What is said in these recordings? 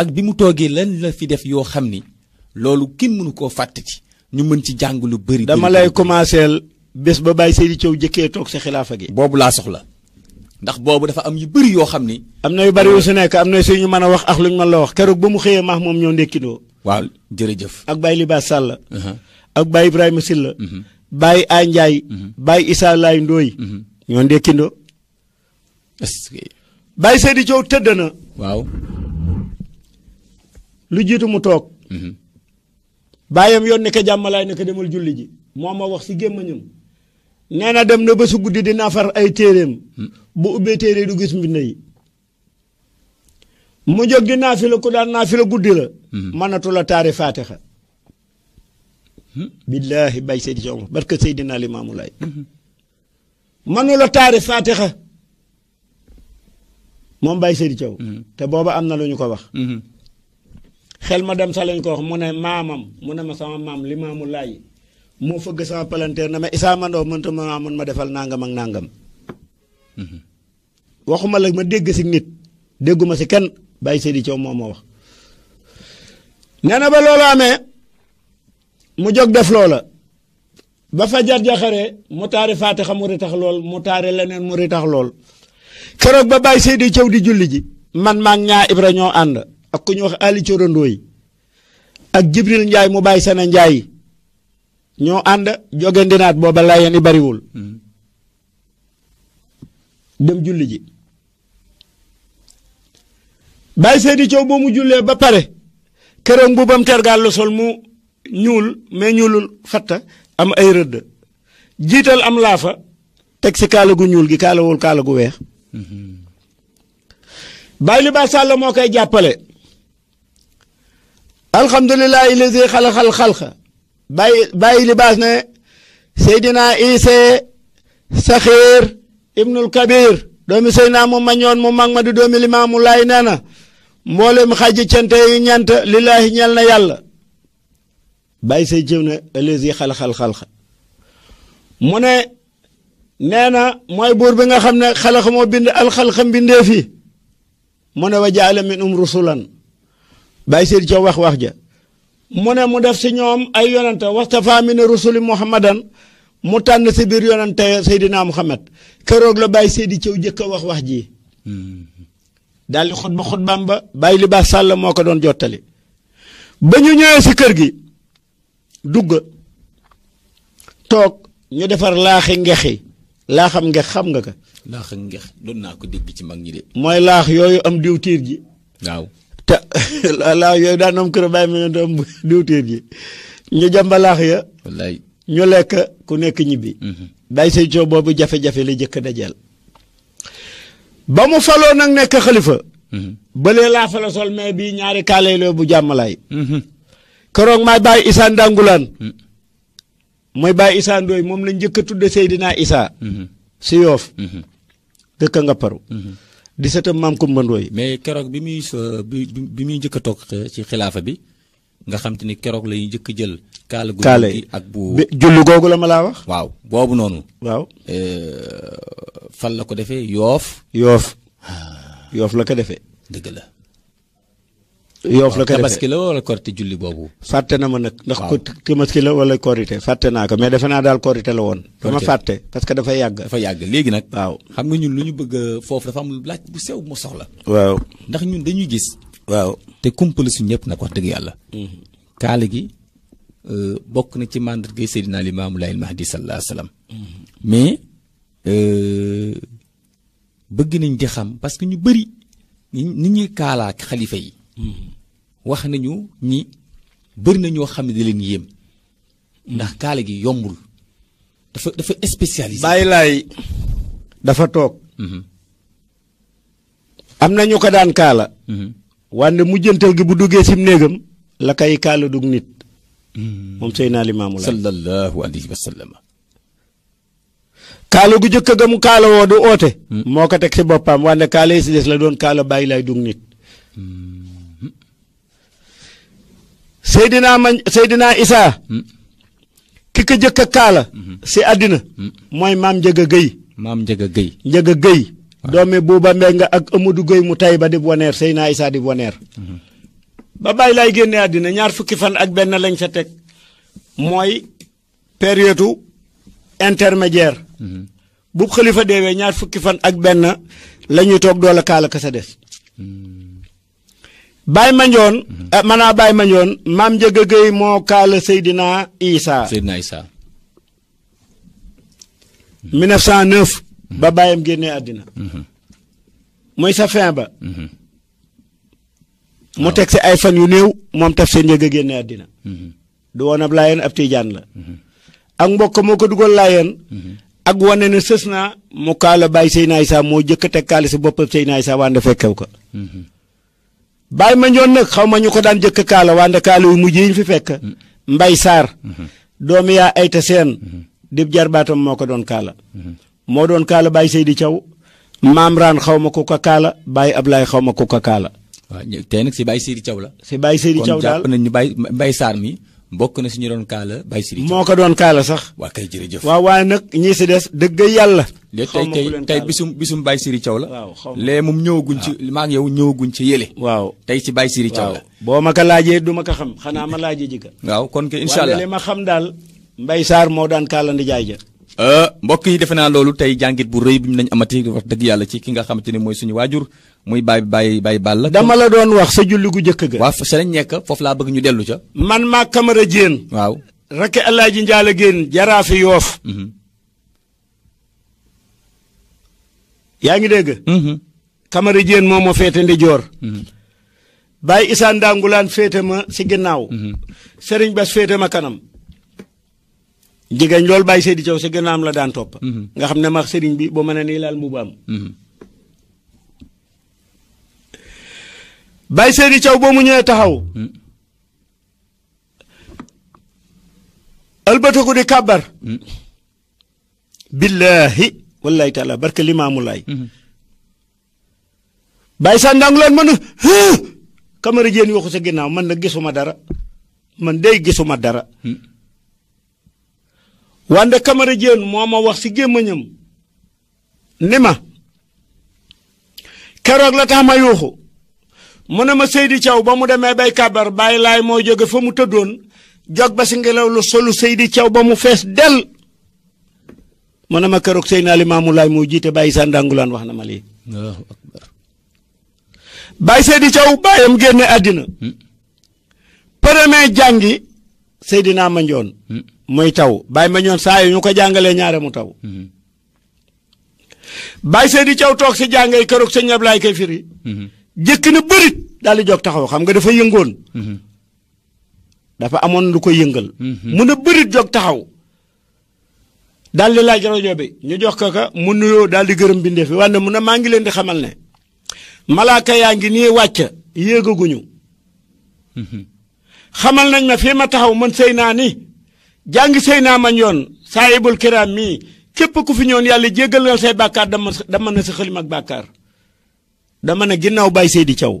ak bi mu toogee lan la fi def yoo xam ni loolu kenn mënu koo fàttati ñu mën ci jàng lu bëri. dama lay commencé bés ba bàyyi Seydi Thiaw jëkkee toog sa xilaafa gi. boobu laa soxla ndax boobu dafa am yu bëri yoo xam ni. am na yu bëri yu su nekk am na ñu mën a wax ak luñ mën la wax keroog ba mu xëyee maax moom ñoo ndékkindoo. waaw jërëjëf. ak Baye Libaas Sall. Uh-huh. ak Baye Ibrahima Silla. Uh-huh. Baye A Ndiaye. Uh-huh. Baye Issa Laye Ndoye. ñoo ndékkindoo. est-ce que. Baye Seydi Thiaw tëdd na. waaw. lu jiitu mu toog mhm. bàyyam yoon ne ko jàmmalaay ne ko demal julli ji moo ma wax si gémmañam dem na ba su guddi di nafar ay téeréem hmm. bu ubbee téere du gis mbind yi mu di naafila ku daan naafila guddi la hmm. mënatu la taari faatixa hmm. billaahi bay seydi sooma barke seydina limaamu laay mënu la taari faatixa moom bay seydi coow te booba am na lu ko wax xel ma dem koh, ko wax mu ne maamam mu ne ma sama maam limaamu laay moo fëgg sama palanteer na ma isaa mandoo mënta ma amoon ma defal nangam ak nangam mhm. waxuma la ma dégg si nit dégguma si kenn bay seydi coow moo ma wax nee ba loolu amee mu jog def loola ba fa jar jaxare mu taari mu ritax lool mu taari leneen mu ritax lool keroog ba bay seydi di julli ji man mangnya ñaa ibra ñoo ànd ku ñu wax Ali Thioro Ndoye ak Jibril Njaay mu bàyyi sana Njaay ñoo ànd jóge bo booba layeen i bariwul dem julli ji bàyyi Seydi Thiaw boo mu jullee ba pare këram bam tergaal la sol mu ñuul mais ñuulul fatta am ay rëdd jiital am laafa teg si kaala gu ñuul gi kaalawul kaala gu weex mhm. alhamdulillahi lazi xalaxal xalqa bàyyi bàyyi libaas ne seydina ise saxiir ibnul kabir doomi seydina mu mañoon mu mag ma di doomi limaamu laay nee na mboolem xaji cente yi ñent lillaahi ñel na yàlla bàyyi say jiw ne lazi xalaxal xalqa mu ne nee na mooy buur bi nga xam ne xalaxa moo bind alxalqa mbindee fi mu ne wa jaala min um rusulan bàyyi seen ca wax wax ja mu ne mu def si ñoom ay yonante wastafa min rusuli muhammadan mu tànn si biir yonante Seydina Muhammad keroog la bàyyi Seydi Thiaw jëkk a wax wax ji mm-hmm. daal xot xutba xutbaam ba bàyyi li baax sàll moo ko doon jottali ba ñu ñëwee si kër gi dugg toog ñu defar laaxi ngexi laaxam ngex xam nga ko laax ngex doon naa ko dégg ci mag ñi de mooy laax yooyu am diwtiir ji te laaw yooyu daan am kër bàyyi ma ne doom diwtiir ji ñu jambalaax ya wallaay ñu lekk ku nekk ñibbi mhm. bàyyi say jafe-jafe la jëkk dajeel ba mu faloo nag nekk xalifa mhm. bëlee laa fala sol mais bii ñaari kaale loo bu jàmmalaay mhm. keroog maay bàyyi isaan dangulaan moom lañ njëkk a tudde Seydina Isaa si yoof dëkk nga di seetam maam Kumba Ndooy mais keroog bi muy bi bi muy njëkk a toog eh, ci xilaafa bi nga xam te ni keroog la ñuy njëkk a jël. kaala gu ak bu jullu googu la ma laa wax. waaw boobu noonu. waaw. Eh, fan la ko defee yoof. yoof yoof la ko defee. dëgg la. yoof la koy defee tabaski la wala korite julli boobu. fàtte na ma nag. ndax ko tabaski la wala korite fàtte naa ko mais defe naa daal korite la woon. dama fàtte parce que dafa yàgg. dafa yàgg léegi nag. waaw xam nga ñun lu ñu bëgg foofu dafa am laaj bu sew ma soxla. waaw ndax ñun dañuy gis. waaw te kumpal su ñëpp nag wax dëgg yàlla. Mm-hmm. kaala gi euh, bokk na ci màndargay Seydina Limaamu Laay Mahdi sallallahu alayhi wa sallam. Mm-hmm. mais euh, bëgg nañ di xam parce que ñu bëri nit ñi kaalaak xalifa yi. wax nañu ni bëri na ñoo xam ne da leen yéem ndax kaala gi yombul dafa dafa spécialisé. bàyyi dafa toog. Mhm. am na ñu ko daan kaala. Mhm. wande mujjantal gi bu duggee sim néegam la kay kaala dug nit. Mhm. moom Seydina Limaamu Laay. sallallahu alayhi wa sallam. kaala gu jëkk ga mu kaala woo du oote. moo ko teg si boppam wante kaala yi si des la doon kaala bàyyi laay dug nit. Seydina Mañ Seydina Isaa hmm. ki ko jëkk a kaala hmm. si àddina hmm. mooy maam Njëga Géy maam Njëga Géy Njëga Géy doomi Buuba Mbenga ak Amadou Géy mu tay ba di woneer Seydina Isaa di woneer ba lay laay génne àddina ñaar fukki fan ak benn lañ sa teg mooy période intermédiaire bu xalifa deewee ñaar fukki fan ak benn la ñuy toog doole kaala ka Baye Mandione. Mhm. Eh, maanaam Baye Mandione maam Ndiaga Gueye moo kaala Seydina Isa. Seydina Isa. 1909. Mhm. Mhm. ba bàyyam génnee àddina. mooy sa fin ba. mu ah. teg si ay fan yu néew moom taf seen njëg a génne àddina. du woon ab ab tijaan la. ak mbokk moo ko dugal laayeen. ak wane ne sës naa mu kaala bàyyi Seydina Isa moo jëkk a teg kaala si boppam Seydina Isa waa nda fekkew ko. bàyyi ma ñoon nag xaw ma ñu ko daan jëkk kaala wante kaala yu mujj yi ñu fi fekk mm-hmm. mbay saar mm-hmm. doomu yaa ayta seen mm-hmm. dib jarbaatam moo ko doon kaala moo doon kaala bàyyi Seydi di caw raan xawma ku ko kaala bàyyi Ablaay xaw ma ku ko kaala waaw tey nag si bàyyi Seydi Thiaw la si bàyyi Seydi Thiaw daal kon jàpp nañu bàyyi Saar mi mbokk na si ñu doon kaala Baye Sidi moo ko doon kaala sax. waa kay jëf waaw waaye nag ñii si des dëgg yàlla. xaw ma tey tey bisum bisum Baye Sidi Thiaw la. waaw xaw lee moom ñëwaguñ ci maa ngi ñëwaguñ ci yële. waaw tey si Baye Sidi Thiaw la. boo ma ko laajee du ma ko xam xanaa ma laajee ji ko. waaw kon kay incha li ma xam daal. mbay saar moo daan kaala ndi jaay ja. Euh, mbokk yi defe naa loolu tey jàngit bu rëy bi nañ amati wax dëgg yàlla ci ki nga xamante ne mooy suñu waajur muy Baye Baye Baye la dama la doon wax sa julli gu jëkk ga. waaw fa lañ nekk foofu laa bëgg ñu dellu ca. man maa Kamara jéen waaw rakk El Hadj Ndiala Guène jaraafi yoof. Mhm. yaa ngi dégg. Mhm. Kamara Diène moom moo féete ndijoor. Mhm. Baye Issa Ndangulaan féete ma si ginnaaw. Serigne Bass féete ma kanam. jigéen loolu Baye Seydi Thiaw si ginnaawam la daan topp. nga xam ne ma Serigne bi ba mën a nii laal mbubaam. Baye Seydi Thiaw boo mu ñëwee taxaw ëlbataku di kàbbar billaahi wallahi taala barke limaamu laay Baye sàndangu leen man kamara jéen waxu sa ginnaaw man nag gisuma dara man day gisuma dara wante kamara jéen moo wax si gémmañam ni keroog la tax yuuxu mu ne ma Seydi Thiaw ba mu demee bay kàbbar bàyyi laay moo mu tëddoon jog ba si ngelaw lu solu Seydi Thiaw ba mu fees del mu ne ma keroog Seydina Limaamu Laay moo jiite bàyyi sa ndàngulaan wax na ma lii bàyyi Seydi Thiaw bàyyam génne àddina hmm. premier jàngi Seydina Mandione hmm. muy taw bàyyi Mandione saa yu ñu ko jàngalee ñaare mu taw hmm. bàyyi Seydi Thiaw toog si jàngay keroog sëñ jëkk na bërit daal di jóg taxaw xam nga dafa yëngoon mhm. dafa amoon lu ko yëngal mhm. mu ne bërit jóg taxaw daal di laaj rajo bi ñu jox ko ka mu nuyoo daal di gërëm bindee fi wante mu ne maa ngi leen di xamal ne malaaka yaa ngi mhm. xamal nañ ma ma taxaw man ni jàng sëy naa man yoon saayibul kiraam képp ku fi ñoon yàlla jéggal nga say dama dama na sa xëlim ak dama ne ginnaaw Baye di Thiaw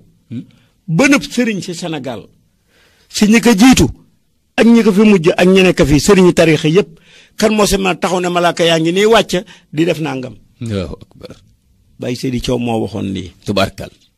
bënëb sëriñ si senegal si ñi ko jiitu ak ñi ko fi mujj ak ñi nekk fi sëriñu tariixa yëpp kan moo si ma taxaw ne malaaka yaa ngi nii wàcc di def nangam. waaw Baye Seydi Thiaw moo waxoon lii. tubaarkal